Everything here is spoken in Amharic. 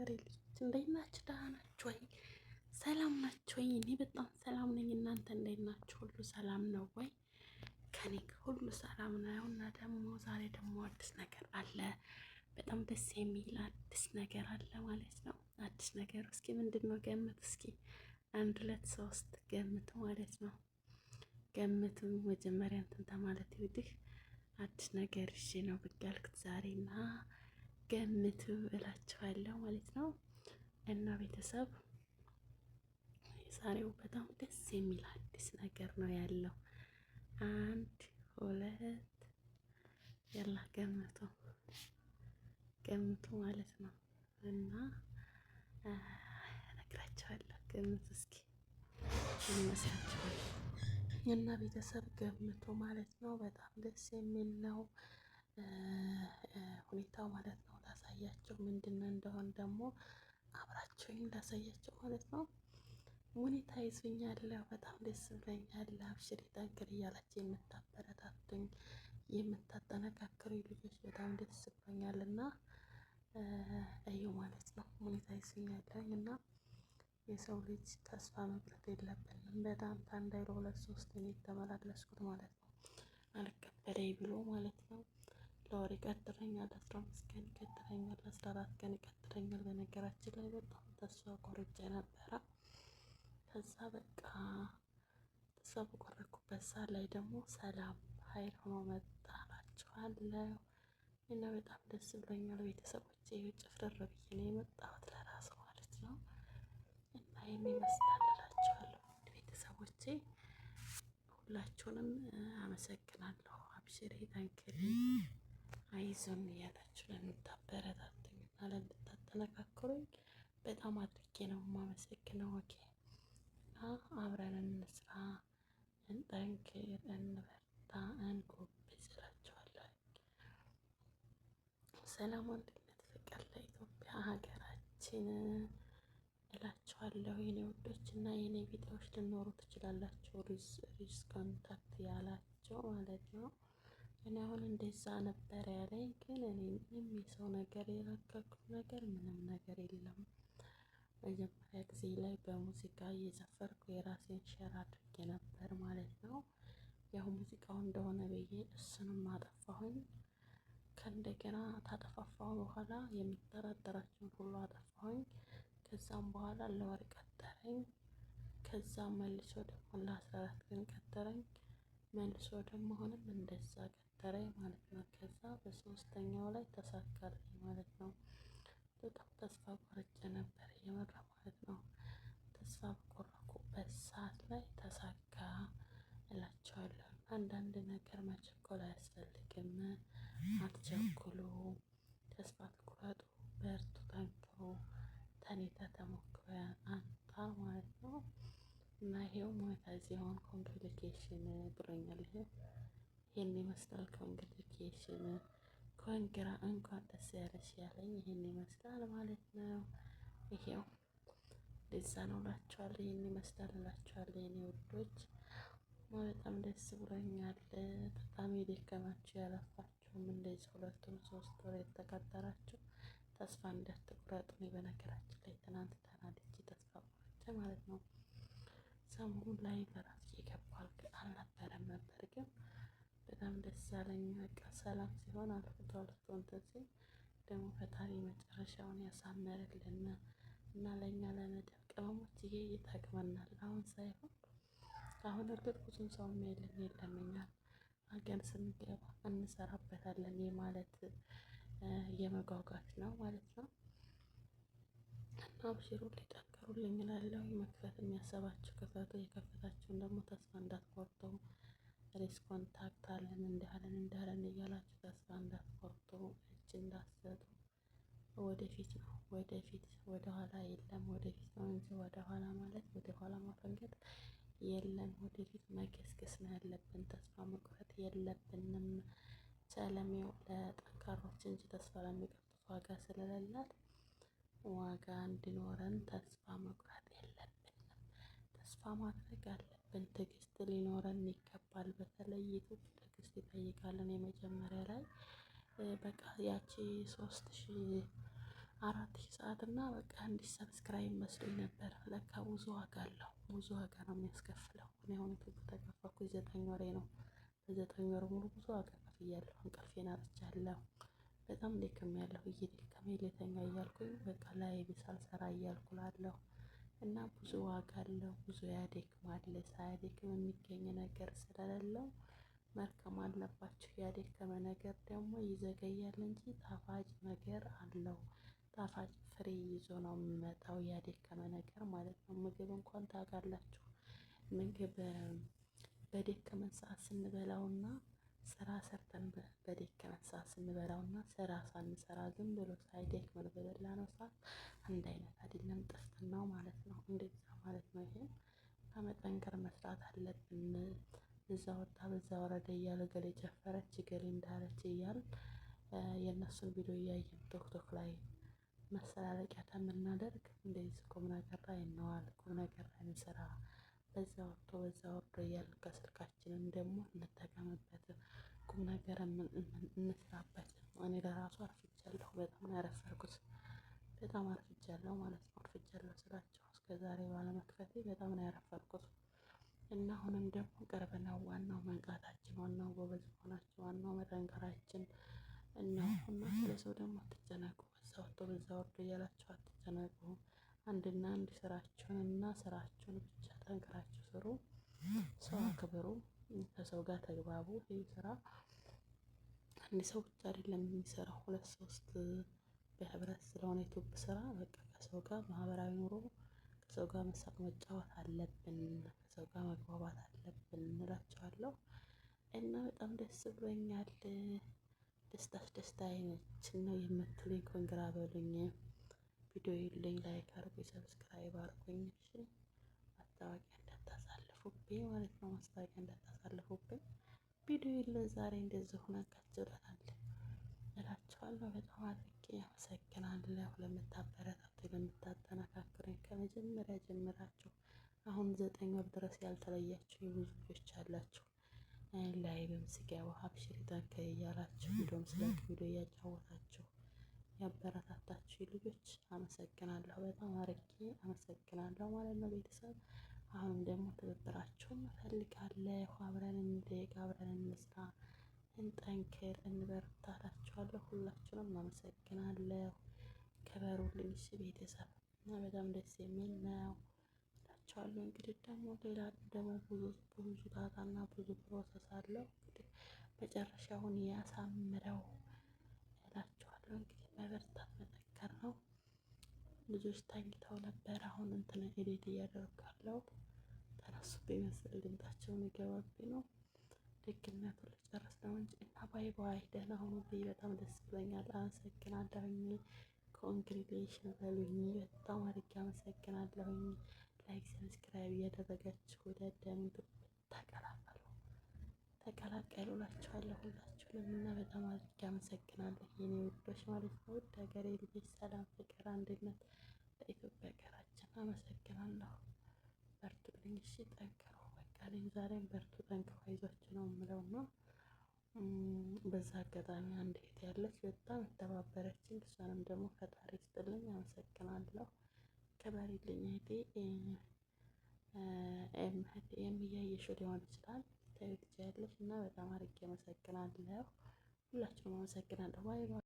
ሀገሬ ልጆች እንዴት ናችሁ? ደህና ናችሁ ወይ? ሰላም ናችሁ ወይ? እኔ በጣም ሰላም ነኝ። እናንተ እንዴት ናችሁ? ሁሉ ሰላም ነው ወይ? ከኔ ሁሉ ሰላም ነው። እና ደግሞ ዛሬ ደግሞ አዲስ ነገር አለ። በጣም ደስ የሚል አዲስ ነገር አለ ማለት ነው። አዲስ ነገር እስኪ ምንድን ነው? ገምት እስኪ አንድ ሁለት ሶስት ገምት ማለት ነው። ገምቱ መጀመሪያ እንትን ተማለት ይውድህ አዲስ ነገር እሺ ነው ብቅ ያልኩት ዛሬና ገምቱ እላችኋለሁ ማለት ነው። እና ቤተሰብ የዛሬው በጣም ደስ የሚል አዲስ ነገር ነው ያለው። አንድ ሁለት ያላ ገምቱ ገምቱ ማለት ነው እና እነግራችኋለሁ። ገምቱ እስኪ ይመስላችኋል? እና ቤተሰብ ገምቱ ማለት ነው። በጣም ደስ የሚል ነው ሁኔታው ማለት ነው። ላሳያቸው ምንድን እንደሆን ደግሞ አብራችሁኝ ላሳያቸው ማለት ነው። ሞኔታይዝኛለሁ በጣም ደስ ብለኛል። አብሽሪ ጠንክር እያላችሁ የምታበረታቱኝ የምታጠነካክሩኝ ልጆች በጣም ደስ ብሎኛል እና እዩ ማለት ነው። ሞኔታይዝኛለሁኝ እና የሰው ልጅ ተስፋ መቁረጥ የለብንም። በጣም ከአንድ አይሮ ሁለት ሶስት እኔ ተመላለስኩት ማለት ነው አልቀበለኝ ብሎ ማለት ነው። ለወር ይቀጥረኛል፣ አስራ አምስት ቀን ይቀጥረኛል፣ አስራ አራት ቀን ይቀጥረኛል። በነገራችን ላይ በጣም ተስፋ ቆርጬ ነበረ። ከዛ በቃ ተስፋ በቆረኩበት ሰዓት ላይ ደግሞ ሰላም ሀይል ሆኖ መጣ እላችኋለሁ። እና በጣም ደስ ብሎኛል ቤተሰቦቼ። ጭፍርር ብዬ ነው የመጣሁት ለራሱ ማለት ነው። እና ይህን ይመስላል እላችኋለሁ ቤተሰቦቼ። ሁላችሁንም አመሰግናለሁ። አብሽሬ ታንክሪ አይዞን እያላችሁ ለምታበረታቱኝ እና ለምታጠነካክሩኝ በጣም አድርጌ ነው የማመሰግነው። ወኬ እና አብረን እንስራ፣ እንጠንክር፣ እንበርታ፣ እንጎብዝ እላችኋለሁ። ሰላም፣ አንድነት፣ ፍቅር ለኢትዮጵያ ሀገራችን እላችኋለሁ። የኔ ውዶች እና የኔ ቪዲዮዎች ልኖሩ ትችላላችሁ፣ ሪስ ኮንታክት ያላቸው ማለት ነው። እኔ አሁን እንደዛ ነበር ያለኝ። ግን እኔ ምንም የሰው ነገር የረከኩት ነገር ምንም ነገር የለም። መጀመሪያ ጊዜ ላይ በሙዚቃ እየዘፈርኩ የራሴን ሸር አድርጌ ነበር ማለት ነው። ያው ሙዚቃው እንደሆነ ብዬ እሱንም አጠፋሁኝ። ከእንደገና ታጠፋፋሁ በኋላ የምጠራጠራቸውን ሁሉ አጠፋሁኝ። ከዛም በኋላ ለወር ቀጠረኝ። ከዛ መልሶ ደግሞ ለአስራ አራት ቀን ቀጠረኝ። መልሶ ደግሞ አሁንም እንደዛ ተፈጠረ ማለት ነው። ከዛ በሶስተኛው ላይ ተሳካልኝ ማለት ነው። በጣም ተስፋ ቆርጬ ነበር የመራ ማለት ነው። ተስፋ በቆረኩበት ሰዓት ላይ ተሳካ እላቸዋለሁ። አንዳንድ ነገር መቸኮል አያስፈልግም። አትቸኩሉ፣ ተስፋ አትቁረጡ፣ በርቱ፣ ጠንክሩ። ተኔታ ተሞክሮ አንታ ማለት ነው እና ይሄው ሞታ ዚሆን ኮምፕሊኬሽን ብሎኛል ይሄ ይህን ይመስላል። ኮንግሪጌሽን ኮንግራ እንኳን ደስ ያለሽ ያለኝ ይህን ይመስላል ማለት ነው። ይሄው ደዛ ነው እላችኋለሁ። ይህን ይመስላል እላችኋለሁ የኔ ውዶች። በጣም ደስ ብሎኛል። በጣም የደከማችሁ ያለፋችሁም እንደዚህ ሁለት ሶስት ወር የተቀጠራችሁ ተስፋ እንዳትቆረጡ። እኔ በነገራችን ላይ ትናንት ተናድጄ ተስፋ ቆርጬ ማለት ነው። ሰሞኑን ላይ በራሴ አልነበረም ነበር ደስ አለኝ። በቃ ሰላም ሲሆን አልፎቶ አልፎ እንትን ሲል ደግሞ ፈጣሪ መጨረሻውን ያሳምርልን እና ለእኛ ለመዳም ቅመሞች ይሄ ይጠቅመናል። አሁን ሳይሆን አሁን እርግጥ ብዙም ሰው የሚያይልን የለም። እኛ ሀገር ስንገባ እንሰራበታለን የማለት የመጓጓት ነው ማለት ነው። እና አብሽሩ ሊጠንክሩልኝ እላለሁ። መክፈት የሚያሰባቸው ክፈቱ፣ የከፈታችሁን ደግሞ ተስፋ እንዳትቆርጡ። ሬስ ኮንታክት አለን እንዳለን እንዳለን እያላችሁ ተስፋ እንዳትቆርጡ እጅ እንዳትሰጡ። ወደፊት ነው ወደፊት፣ ወደኋላ የለም። ወደፊት ነው እንጂ ወደኋላ ማለት ወደኋላ ማፈንገጥ የለም። ወደፊት መገስገስ ነው ያለብን። ተስፋ መቁረጥ የለብንም። ጨለሜው ለጠንካሮች እንጂ ተስፋ ለሚቆርጡት ዋጋ ስለሌላት ዋጋ እንዲኖረን ተስፋ መቁረጥ የለብንም። ተስፋ ማድረግ አለ ያለብን ትዕግስት ሊኖረን ይገባል። በተለይ ዩቱብ ትዕግስት ይጠይቃልን። የመጀመሪያ ላይ በቃ ያቺ ሶስት ሺ አራት ሺ ሰዓት እና በቃ እንዲህ ሰብስክራይብ መስሎኝ ነበር። ለካ ብዙ ዋጋ አለው፣ ብዙ ዋጋ ነው የሚያስከፍለው። እኔ አሁን ዩቱብ ተከፋኩ ዘጠኝ ወሬ ነው። በዘጠኝ ወር ሙሉ ብዙ ዋጋ ከፍያለሁ። እንቅልፌን አጥቻለሁ። በጣም ደክሜያለሁ። እየደከመኝ ልተኛ እያልኩኝ በቃ ላይ ሳልሰራ ላለሁ እና ብዙ ዋጋ አለው። ብዙ ያደክማል። ሳያደክም የሚገኝ ነገር ስለሌለው መድከም አለባችሁ። ያደከመ ነገር ደግሞ ይዘገያል እንጂ ጣፋጭ ነገር አለው። ጣፋጭ ፍሬ ይዞ ነው የሚመጣው ያደከመ ነገር ማለት ነው። ምግብ እንኳን ታውቃላችሁ፣ ምግብ በደከመን ሰዓት ስንበላውና ስራ ሰርተን በደከመን ሰዓት እና ስራ ሳንሰራ ዝም ብሎ ሳይደክመን በበላነው ሰዓት አንድ አይነት አይደለም ጥፍጥናው ማለት ነው። እንደዛ ማለት ነው። ይሄም ከመጠንከር መስራት አለብን። እዛ ወጣ በዛ ወረደ እያለ ገሌ ጨፈረች ገሌ እንዳለች እያል የእነሱን ቪዲዮ እያየን ቶክቶክ ላይ መሰላለቂያ ተምናደርግ እንደዚህ ቁም ነገር ላይ እንዋል፣ ቁም ነገር ላይ እንስራ። በዛ ወርዶ በዛ ወርዶ እያልን ከስልካችንን ደግሞ እንጠቀምበት፣ ቁም ነገር እንስራበት። እኔ ለራሱ አርፍጃለሁ፣ በጣም ያረፈርኩት። በጣም አርፍጃለሁ ማለት ነው። አርፍጃለሁ ስላቸው እስከዛሬ ባለመክፈቴ በጣም ነው ያረፈርኩት። እና አሁንም ደግሞ ቅርብ ነው። ዋናው መንቃታችን፣ ዋናው ጎበዝ መሆናችን፣ ዋናው መጠንከራችን እና ሁና ስለ ሰው ደግሞ አትጨነቁ። በዛ ወርዶ በዛ ወርዶ እያላቸው አትጨነቁ። አንድና አንድ ስራቸውን እና ስራቸውን ብቻ ጠንክራችሁ ስሩ። ሰው አክብሩ፣ ከሰው ጋር ተግባቡ። ይህ ስራ አንድ ሰው ብቻ አይደለም የሚሰራው፣ ሁለት ሶስት በህብረት ስለሆነ የቱብ ስራ በቃ ከሰው ጋር ማህበራዊ ኑሮ ከሰው ጋር መሳቅ መጫወት አለብን፣ ከሰው ጋር መግባባት አለብን እንላቸዋለሁ እና በጣም ደስ ብሎኛል። ደስታሽ ደስታ አይነች ነው የምትሉኝ ኮንግራ በሉኝ። ቪዲዮ ይለኝ ላይክ አድርጉኝ፣ ሰብስክራይብ አድርጉኝ። እሺ ማስታወቂያ እንዳታሳልፉብኝ ማለት ነው። ማስታወቂያ እንዳታሳልፉብኝ። ቪዲዮ ይለኝ ዛሬ እንደዚህ ሆነ ከችለናል እላችኋለሁ። በጣም አድርጌ ያመሰግናለሁ ለምታበረታቱኝ፣ ለምታጠናካክሩኝ ከመጀመሪያ ጀምራችሁ አሁን ዘጠኝ ወር ድረስ ያልተለያችሁ ብዙ ልጆች አላችሁ። ላይብም ስገባ ሀብሽሪ ጠንከር እያላችሁ ቪዲዮም ስለ ቪዲዮ እያጫወታችሁ ያበረታታችሁ ልጆች አመሰግናለሁ። በጣም አርጌ አመሰግናለሁ ማለት ነው ቤተሰብ። አሁንም ደግሞ ትብብራችሁን እፈልጋለሁ። አብረን እንደግ፣ አብረን እንስራ፣ እንጠንክር፣ እንበርታታችኋለሁ። ሁላችሁንም አመሰግናለሁ። ከበሩ ልጅ ቤተሰብ እና በጣም ደስ የሚል ነው እላችኋለሁ። እንግዲህ ደግሞ ሌላ ደግሞ ብዙ ዳታ እና ብዙ ፕሮሰስ አለው። እንግዲህ መጨረሻውን ያሳምረው እላችኋለሁ እንግዲህ መበርታት መጠንከር ነው። ልጆች ታኝተው ነበር። አሁን እንትን ኤዲት እያደረጋለው ያለው ተረሱብኝ መሰለኝ ድምጣቸውን እየገባብኝ ነው። ደግነቱ ልጨርስ ነው እንጂ እና ባይ ባይ። ደህና ሁኑልኝ። በጣም ደስ ብሎኛል። አመሰግናለሁኝ። ኮንግሪጌሽን በሉኝ። በጣም አድርጌ አመሰግናለሁኝ። ላይክ ሰብስክራይብ እያደረጋችሁ ወደ ደንብ ተቀላቀሉ። ተቀላቀሉ ላችኋለሁ ሁላችሁንም እና በጣም አድርጌ አመሰግናለሁ የኔ ውዶች ማለት ነው። ውድ ሀገሬ ልጆች ሰላም፣ ፍቅር፣ አንድነት ለኢትዮጵያ ሀገራችን አመሰግናለሁ። በርቱልኝ፣ እሺ ጠንክረው በቃ እኔም ዛሬም በርቱ፣ ጠንክረው አይዟችሁ ነው የምለው ነው። በዛ አጋጣሚ አንድ እህት ያለች በጣም የተባበረችኝ እሷንም ደግሞ ፈጣሪ ይስጥልኝ፣ አመሰግናለሁ። ከበሬልኝ እህቴ እህቴ የሚያየሽው ሊሆን ይችላል ልታይ ትችያለሽ እና በጣም አድርጌ አመሰግናለሁ። ሁላችሁንም አመሰግናለሁ።